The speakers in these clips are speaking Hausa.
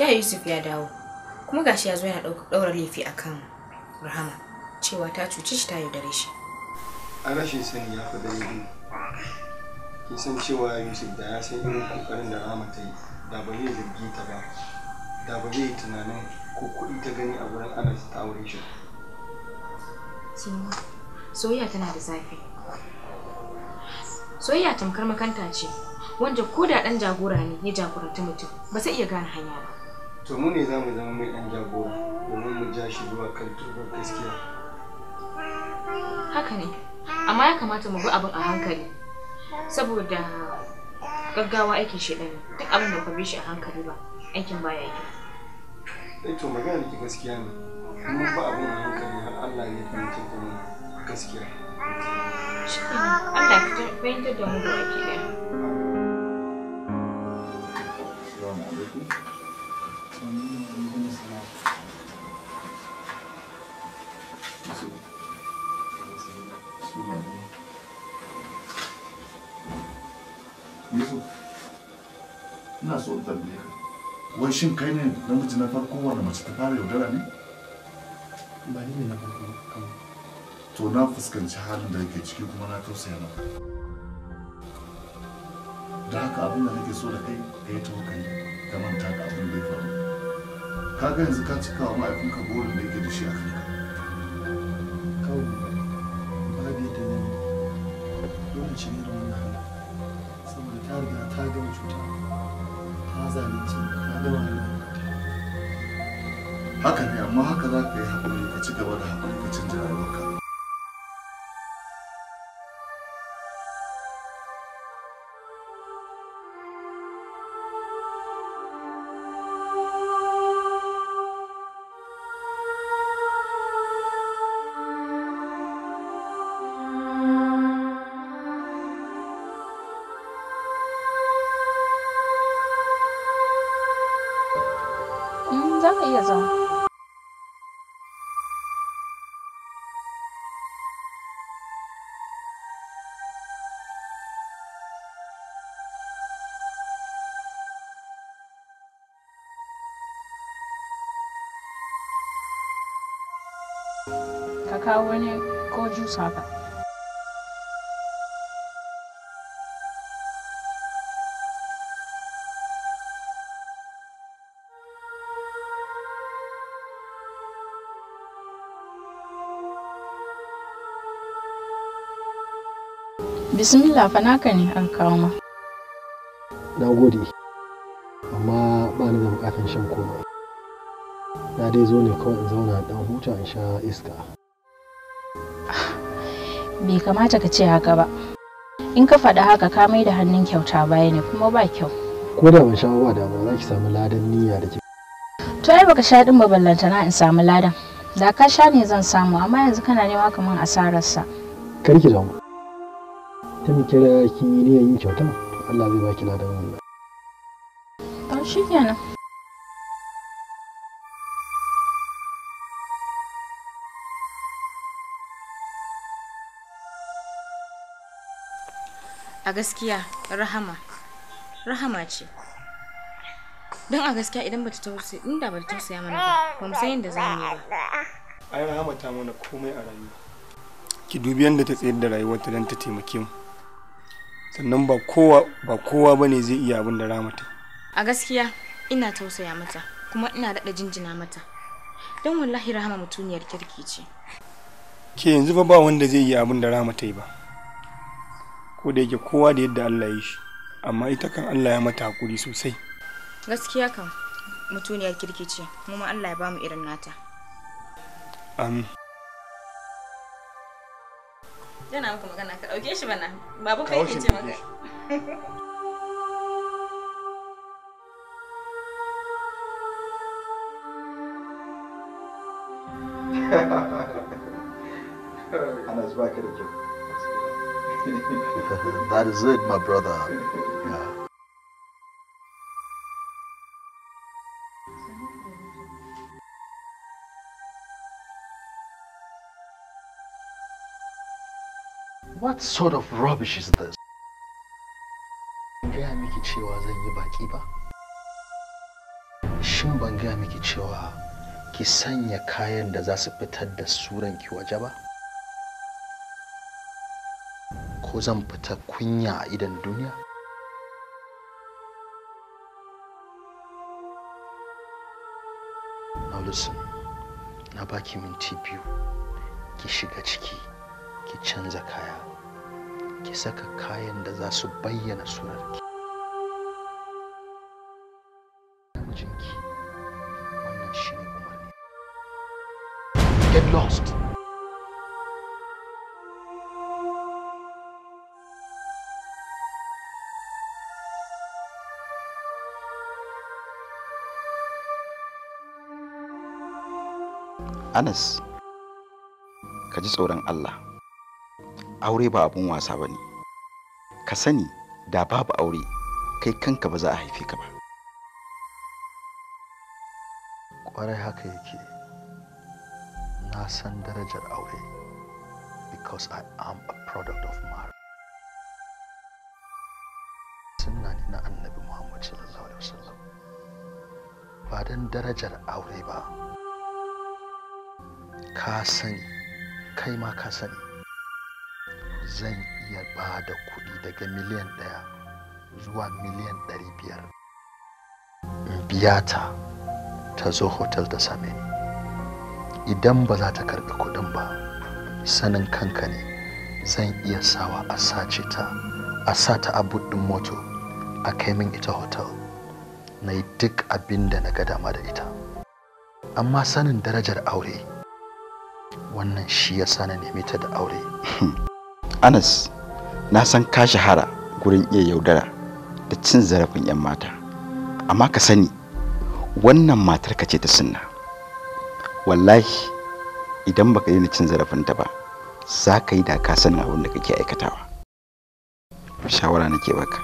ya yusuf ya dawo kuma gashi ya zo yana daura laifi akan rahama cewa ta cuci shi ta dare shi a rashin sani ya fi dalilin ki san cewa yusuf da ya san irin kokarin da rahama ta yi da ba zai zargi ta ba da ba zai tunanin ko kuɗi ta gani a wurin anas ta aure shi soyayya tana da zafi soyayya tamkar makanta ce wanda ko da ɗan jagora ne ya jagoranta mutum ba zai iya gane hanya ba to mu ne za mu zama mai ɗan jagora domin mu ja shi zuwa kan turbar gaskiya haka ne amma ya kamata mu bi abin a hankali saboda gaggawa aikin shi ɗani duk abin da ba shi a hankali ba aikin baya yi eh to magana ki gaskiya ne mun ba abin a hankali har Allah ya fahimci da kuma gaskiya shi Allah ya fahimtar da mu da ake ɗaya shin kai ne namiji na farko wanda mace ta fara yaudara ne ba ni ne na farko kawai to na fuskanci halin da yake ciki kuma na tausaya maka da haka abin da nake so da kai ka yi tawakkali ka manta da abin da ya faru ka ga yanzu ka cika wa mahaifinka burin da yake da shi a kanka kawai babu da ne dole ce da wannan saboda ta riga ta gama cuta haka ne amma haka za ka yi haƙuri ka ci gaba da haƙuri ka canza rayuwarka kawo wani ko jus haka bismillah fa naka ne an kawo ma na gode amma ba ni da bukatan shan komai na dai zo ne kawai in zauna dan huta in sha iska bai kamata ka ce haka ba in ka faɗi haka ka mai da hannun kyauta baya ne kuma ba kyau ko da ban sha ba da ba za ki samu ladan niyya da ke to ai baka sha din ba na in samu ladan da ka sha ne zan samu amma yanzu kana nema kaman asararsa kar ki zama ta mi kira ki ne yin kyauta Allah zai baki ladan wannan shi kenan a gaskiya rahama rahama ce don a gaskiya idan bata tausaya inda bata tausaya mana ba ba mu san yadda za mu yi ba ai rahama ta mana komai a rayuwa ki dubi yadda ta tsayar da rayuwarta don ta taimake mu sannan ba kowa ba kowa bane zai iya abin da rahama ta a gaskiya ina tausaya mata kuma ina daɗa jinjina mata don wallahi rahama mutuniyar kirki ce ke yanzu fa ba wanda zai iya abin da rahama ta yi ba ko da yake kowa da yadda Allah ya shi amma ita kan Allah ya mata hakuri sosai gaskiya kan mutuniyar kirki ce kuma Allah ya bamu irin nata amin yana magana ka dauke shi bana babu kai ke that is it, my brother. Yeah. What sort of rubbish is this? gaya miki cewa zan yi baki ba miki ko zan fita kunya a idon duniya Maulusun na baki minti biyu ki shiga ciki ki canza kaya ki saka kayan da za su bayyana surarki Get lost. Anas, ka ji tsoron Allah, aure ba abun wasa ba ne, ka sani da babu aure kai kanka ba za a haife ka ba. Ƙwarai haka yake, na san darajar aure because I am a product of marriage. Sunna ne na annabi Muhammad sallallahu Alaihi wasallam ba don darajar aure ba. ka sani kai ma ka sani zan iya ba da kuɗi daga miliyan ɗaya zuwa miliyan ɗari biyar in biya ta ta zo hotel ta same ni idan ba za ta karɓi kuɗin ba sanin kanka ne zan iya sawa a sace ta a sa ta a buɗin moto a kai min ita hotel na yi duk abin da na ga dama da ita amma sanin darajar aure wannan shi ya sa na neme ta da aure hmm. anas na san ka shahara gurin iya yaudara da cin zarafin 'yan mata amma ka sani wannan matar ka ce ta sunna wallahi idan baka yi daina cin zarafin ta ba za ka yi da ka san abin da kake aikatawa shawara nake baka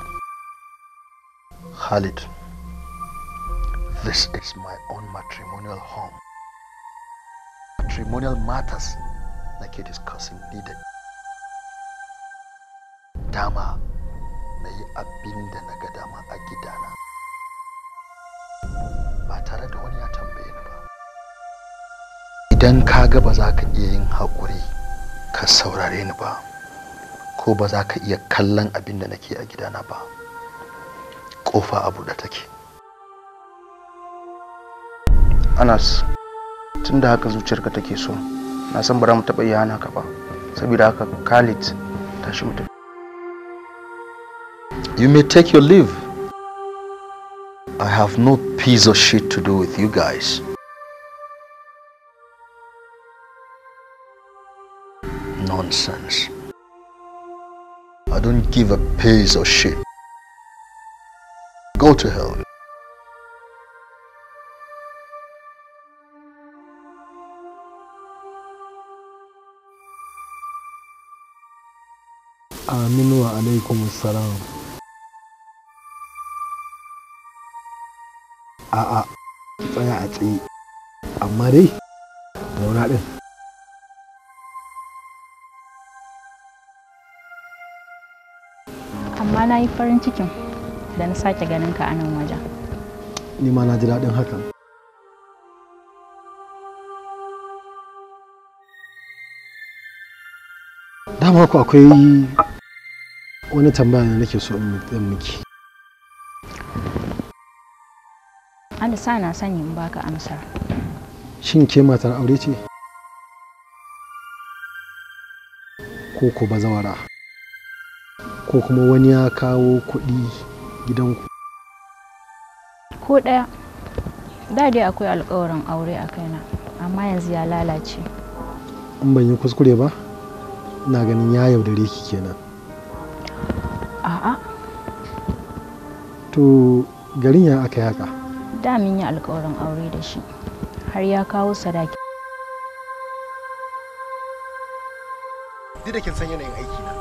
khalid this is my own matrimonial home matrimonial matters nake discussing needed. dama nayi abinda abin da na ga dama a gidana ba tare da wani ya tambaye ba idan ka ga ba za ka iya yin haƙuri ka saurare ni ba ko ba za ka iya kallon abin da nake a gidana ba kofa a buɗe take anas haka zuciyarka take so na san mu ka ba saboda haka khalid tashi you may take your leave i have no piece of shit to do with you guys nonsense i don't give a piece of shit go to hell Aminu wa alaikum salam. A'a, tsaya a tsaye, amma dai, gauna ɗin. Amma na yi farin cikin da na sake ganin ka a nan wajen. Ni ma na ji daɗin hakan. Dama ku akwai wani tambaya ne nake so in miki alisa na sani in baka amsa shin ke matar aure ce ko ko bazawara ko kuma wani ya kawo kuɗi gidanku ko ɗaya da dai akwai alkawarin aure a kaina amma yanzu ya lalace in ban yi kuskure ba ina ganin ya yaudare ki kenan A'a. To garin ya aka yaka? Da mun yi alkawarin aure da shi. Har ya kawo sadaki. Duk da kin san yanayin aiki na.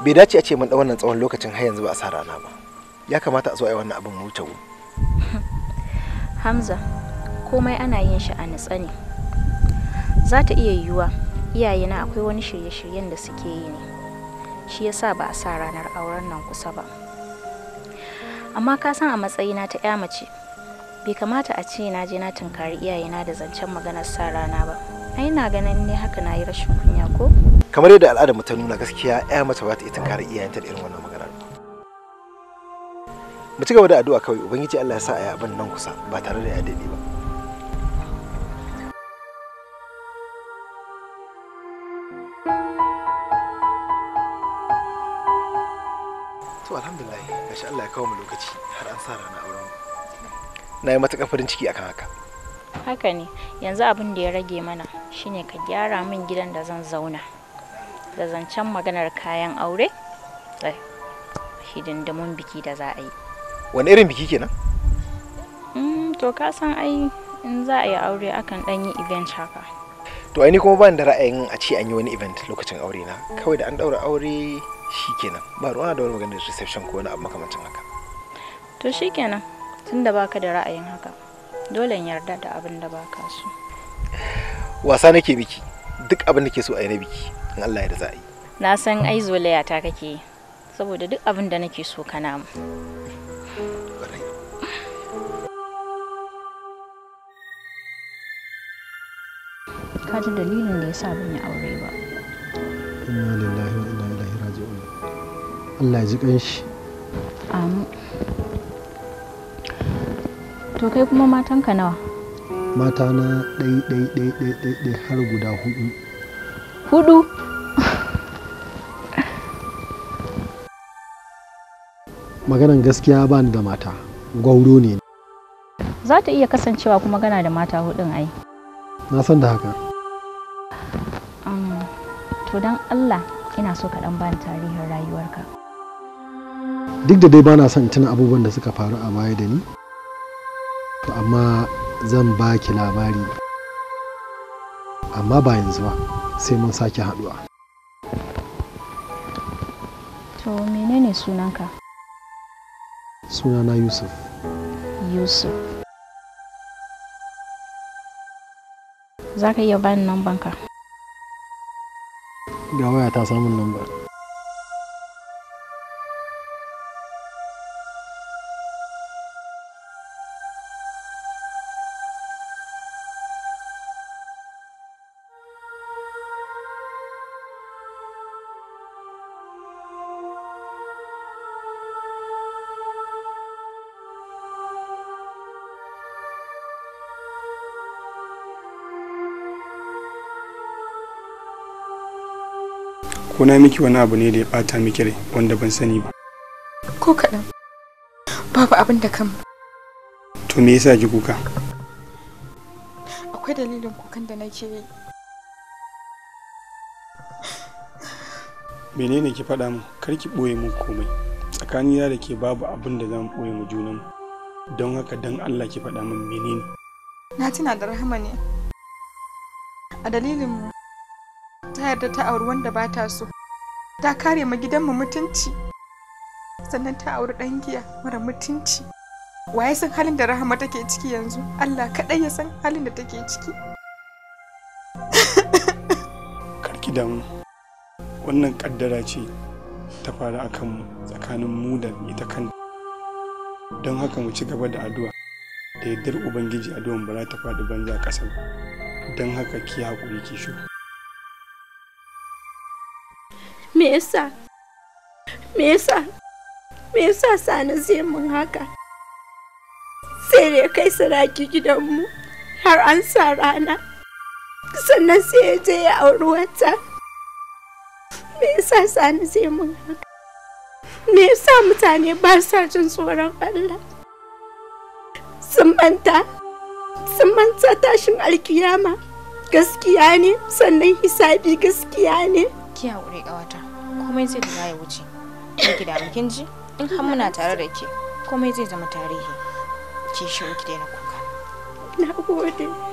Bai dace a ce mun da wannan tsawon lokacin har yanzu ba a sa rana ba. Ya kamata a zo a yi wannan abin mu Hamza, komai ana yin shi a nutsa ne. Za ta iya yiwuwa iyayena akwai wani shirye-shiryen da suke yi ne. shi yasa ba a sa ranar auren nan kusa ba amma ka san a matsayina ta ya mace bai kamata a ce na je na tunkari iyayena da zancen maganar sa rana ba ai na ganin ne haka na yi rashin kunya ko kamar yadda al'adar mu ta nuna gaskiya ya mace ba ta iya tunkari iyayenta da irin wannan magana mu ci gaba da addu'a kawai ubangiji Allah ya sa a yi abin nan kusa ba tare da ya daɗe ba ci har an sa rana auren na yi matuƙar farin ciki akan haka haka ne yanzu abin da ya rage mana shine ka gyara min gidan da zan zauna da zancen maganar kayan aure da mun biki da za a yi wani irin biki kenan mm, to ka san ai in za a yi aure akan ɗan yi event haka to ai ni kuma ban da ra'ayin a ce an yi wani event lokacin aure na kawai da an ɗaura aure shikenan ba ruwa da wani maganar reception ko wani abu makamancin haka to shikenan da baka da ra'ayin haka dole in yarda da abin da baka so wasa nake biki duk abin da ke so a yi na biki in Allah ya da za a yi na san ai zolaya ta kake saboda duk abin da nake so ka namu. ka ji dalilin da ya sa bin yi aure ba inna lillahi wa inna ilaihi raji'un Allah ya ji kanshi amin to kai kuma matanka nawa mata na ɗai ɗai ɗai ɗai ɗai ɗai har guda hudu hudu maganan gaskiya ba ni da mata gwauro ne za ta iya kasancewa kuma gana da mata hudun ai na san da haka to don allah ina so ka dan bani tarihin rayuwarka duk da dai ba na son tuna abubuwan da suka faru a baya da ni to amma zan ba ki labari amma ba yanzu ba sai mun sake haduwa to menene sunanka sunana yusuf yusuf za ka iya bani banka ga waya ta samun banka ko na miki wani abu ne da ya bata miki rai wanda ban sani ba ko kaɗan babu abin da kan to me yasa ki kuka akwai dalilin kukan da nake yi menene ki faɗa mu kar ki ɓoye min komai tsakanina da ke babu abin da za mu ɓoye mu junan don haka don Allah ki faɗa min menene na tuna da rahama ne a dalilin mu ta yarda ta auri wanda ba ta so ta kare ma mu mutunci sannan ta auri ɗan giya mara mutunci waye san halin da rahama take ciki yanzu allah kaɗai ya san halin da take ciki karki damu wannan kaddara ce ta faru akan mu tsakanin mu da ita kanta don haka mu ci gaba da addu'a da yaddar ubangiji addu'an ba za ta faɗi banza ƙasa don haka ki haƙuri ki shigo me yasa me yasa me yasa sani zai mun haka sai ya kai saraki gidanmu har an sa rana sannan sai ya je ya auri wata me yasa sani zai mun haka me yasa mutane ba sa jin tsoron Allah sun manta sun manta tashin alkiyama gaskiya ne sannan hisabi gaskiya ne ki haƙuri ƙawata komai zai da ya wuce ki da kin ji in har muna tare da ke komai zai zama tarihi ki shi ki na kuka na gode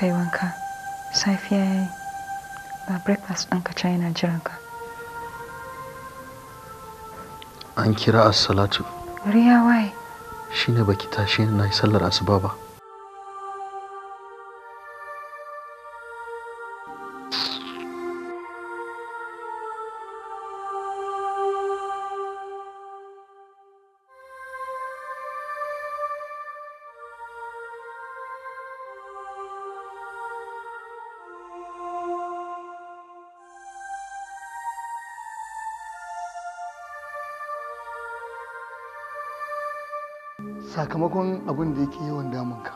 ka wanka safiya ya yi ba breakfast ɗinka can yana jiranka an kira asalatu salatu ya waye shine baki tashi na yi sallar asuba ba sakamakon abin da yake yawan damunka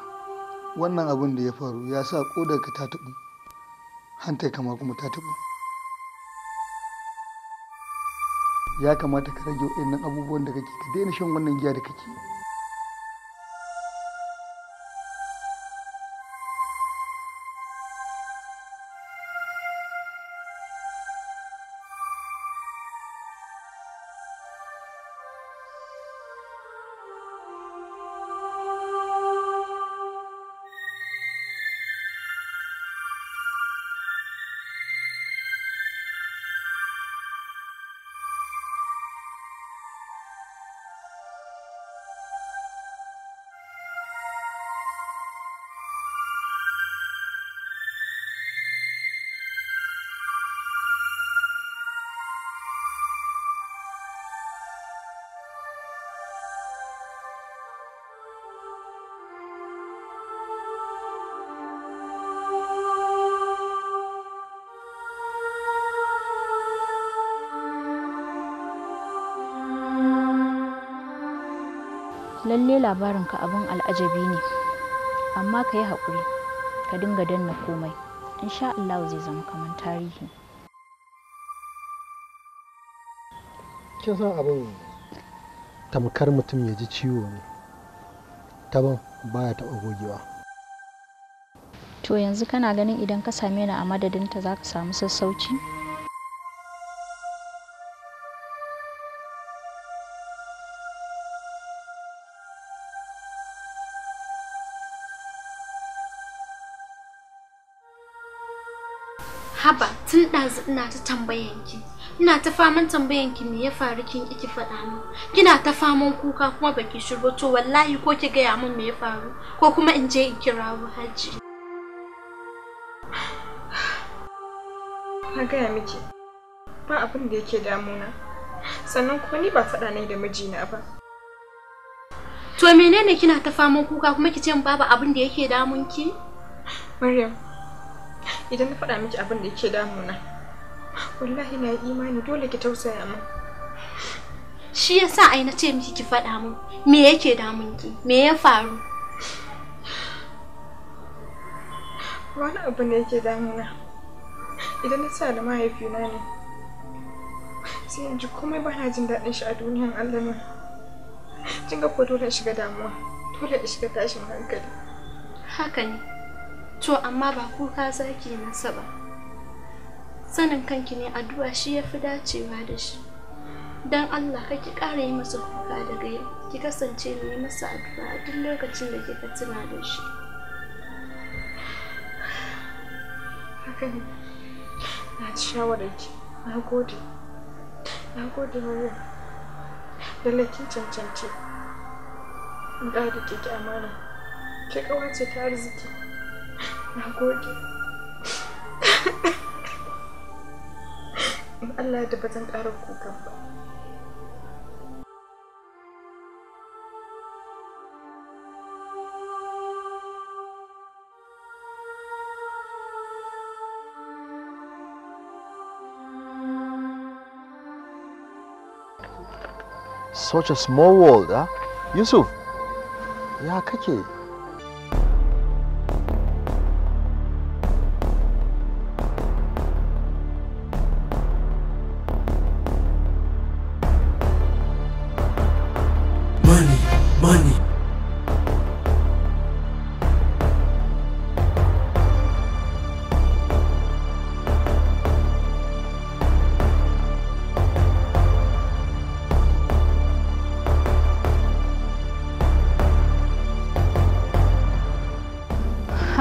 wannan abin da ya faru ya sa ka ta taɓu hantar kama kuma ta tabu ya kamata ka rage waɗannan abubuwan da kake ka daina shan wannan giya da kake lalle labarinka abin al'ajabi ne amma ka yi haƙuri ka dinga danna komai in sha Allah zai zama kamar tarihi kin san abin tamkar mutum ya ji ciwo ne taban baya taɓa gogewa to yanzu kana ganin idan ka same ni a madadinta za ka samu sassauci tun da ina ta tambayan ki ina ta faman tambayan ki me ya faru kin ki faɗa min kina ta faman kuka kuma baki shigo to wallahi ko ki gaya min me ya faru ko kuma in je in kira hajji na gaya miki ba abin da yake damuna sannan kuma ni ba faɗa ne da mijina ba to menene kina ta faman kuka kuma ki ce babu abin da yake damun ki Maryam idan na faɗa miki abin da yake damuna wallahi na imani dole ki tausaya min shi yasa ai na ce miki ki faɗa min me yake damun ki me ya faru wani abu ne yake damuna idan na sa da mahaifina ne sai in ji komai ba na jin daɗin shi a duniyan Allah ne kin ga ko dole shiga damuwa dole in shiga tashin hankali haka ne To amma ba kuka zaki nasa ba. Sanin kanki ne addu'a shi ya fi dacewa da shi. Don Allah kake ƙara yi masa kuka daga yau, ki kasance mai masa addu'a a duk lokacin da kika tuna da shi. Haka ne, na ci ki, na gode. Na gode wani, da kin cancanci. In da kike amana. Ke kawace ta arziki. na gode in allah ya ba zan ƙara kukan ba Such a small world, huh? Ah? Yusuf, ya kake?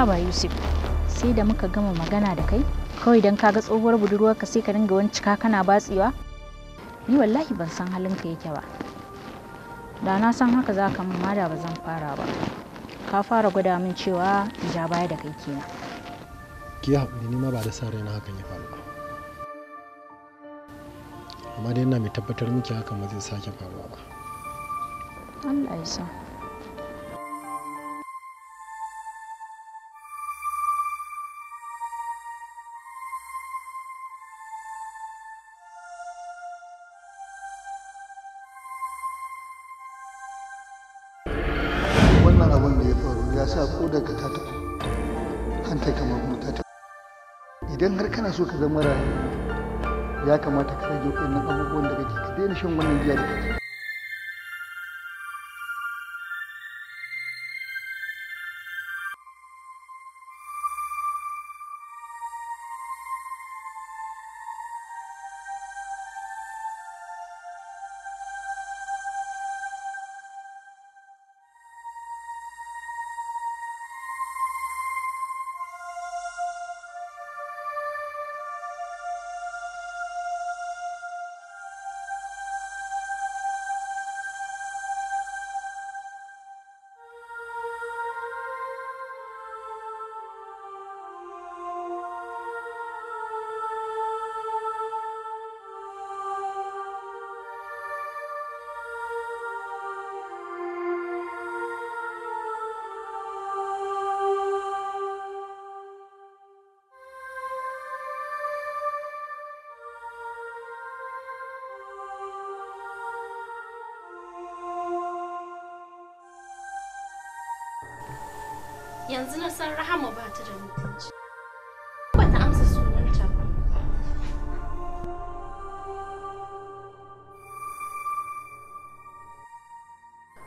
haba yusuf sai da muka gama magana da kai kawai don ga tsohuwar budurwar ka sai ka dinga wani cika kana batsewa ni wallahi ban san halin halinka yake ba da na san haka za ka min ma da ba zan fara ba ka fara gwada min cewa ja baya da kai kenan ki haƙuri ni ma ba da sa raina hakan ya faru ba amma dai ina mai tabbatar miki hakan ba zai sake faruwa ba Allah ya sa saƙo daga ta hanta kamar mota ta idan har kana so ka zama rayu ya kamata ka rage waɗannan abubuwan da kake ka daina shan wannan giya da kake yanzu na san rahama ba ta da mutunci ba ta amsa sunanta ba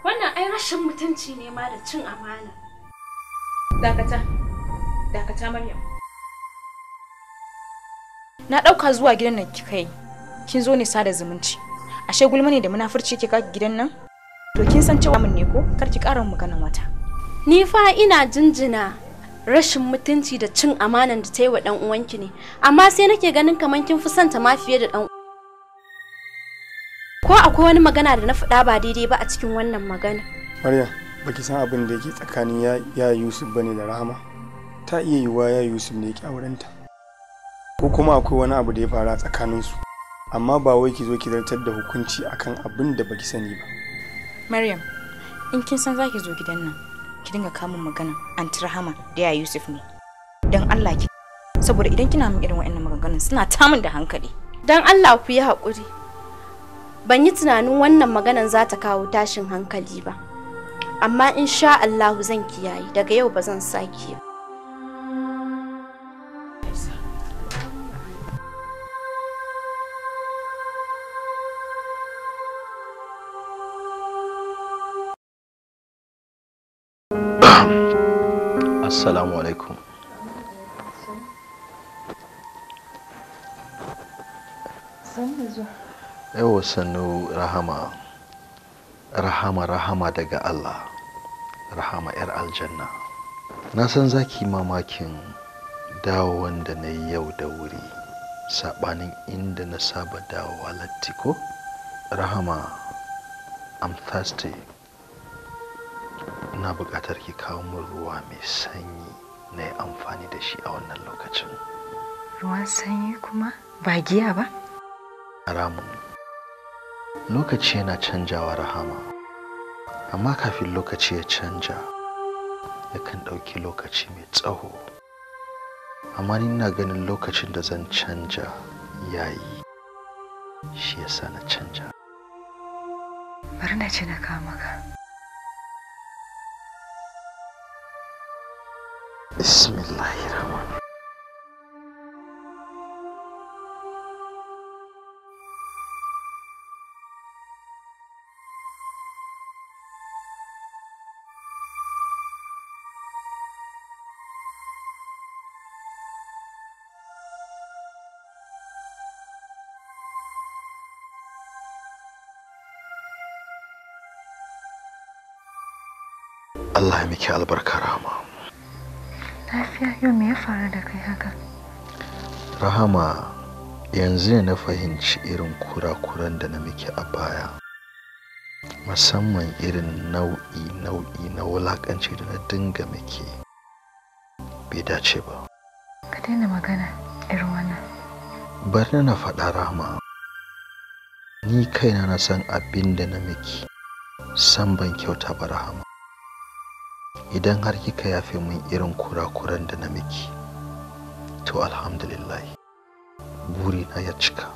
wannan ai rashin mutunci ne ma da cin amana dakata dakata maryam na ɗauka zuwa gidan nan ki kai, kin zo ne sada zumunci ashe gulma ne da munafurci kika gidan nan to kin san cewa mun ne ko kar ki ƙara magana wata. ni fa ina jinjina rashin mutunci da cin amanan da ta yi wa dan uwanki ne amma sai nake ganin kamar kin fi santa ma fiye da dan ko akwai wani magana da na faɗa ba daidai ba a cikin wannan magana Maryam baki san abin da yake tsakanin ya, ya Yusuf bane da Rahama ta iya yiwa ya Yusuf ne yake aurenta ko kuma akwai wani abu da ya faru tsakanin su amma ba wai ki zo ki zartar da hukunci akan abin da baki sani ba Maryam in kin san zaki zo gidan nan ki dinga kamun magana anti rahama da ya yusuf ne dan allah ki saboda idan kina min irin wa'annan maganganun suna tamun da hankali dan allah ku yi haƙuri ban yi tunanin wannan maganan za ta kawo tashin hankali ba amma insha allahu zan kiyaye daga yau ba zan sake ba assalamu alaikum yawa sannu rahama rahama rahama daga allah rahama 'yar aljanna na san zaki mamakin dawowan da na yi yau da wuri saɓanin inda na saba dawowa latti ko rahama i'm thirsty ina buƙatar ki kawo min ruwa mai sanyi na yi amfani da shi a wannan lokacin ruwan sanyi kuma ba giya ba haramun lokaci yana canjawa rahama amma kafin lokaci ya canja yakan ɗauki lokaci mai tsaho, amma ni ina ganin lokacin da zan canja ya yi, shi ya sa na canja bari na ce na kama ka بسم الله الرحمن الله يمكي على البركة رحمه lafiya yau me ya faru da kai haka rahama yanzu na fahimci irin kurakuran da na miki a baya musamman irin nau'i nau'i na wulakanci da na dinga muke bai dace ba ka daina magana irin wannan bari na faɗa rahama ni kaina na san abin da na miki san ban kyauta ba rahama idan har kika yafe min irin kurakuran da na miki to alhamdulillah burina ya cika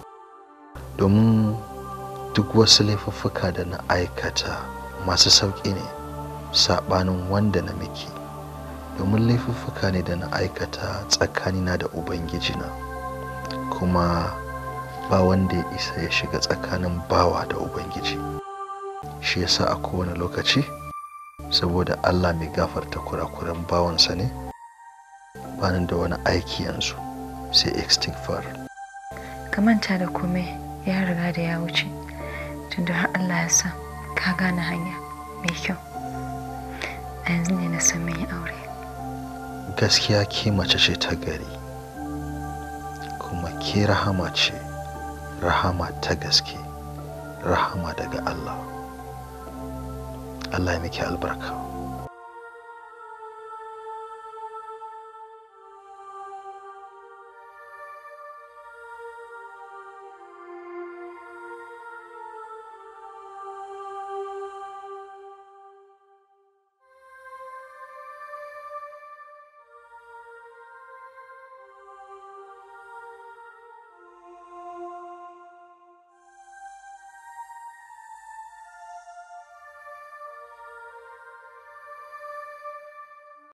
domin duk wasu laifuffuka da na aikata masu sauƙi ne saɓanin wanda na miki domin laifuffuka ne da na aikata tsakanina da ubangijina kuma ba wanda ya isa ya shiga tsakanin bawa da ubangiji shi yasa a kowane lokaci saboda Allah mai gafarta kurakuran bawansa ne bani da wani aiki yanzu sai extinfar ka manta da kome ya riga da ya wuce tunda har Allah ya sa ka gane hanya mai kyau a yanzu ne na san mai aure gaskiya ke mace ce ta gari kuma ke rahama ce rahama ta gaske rahama daga Allah Allah ya miki albarka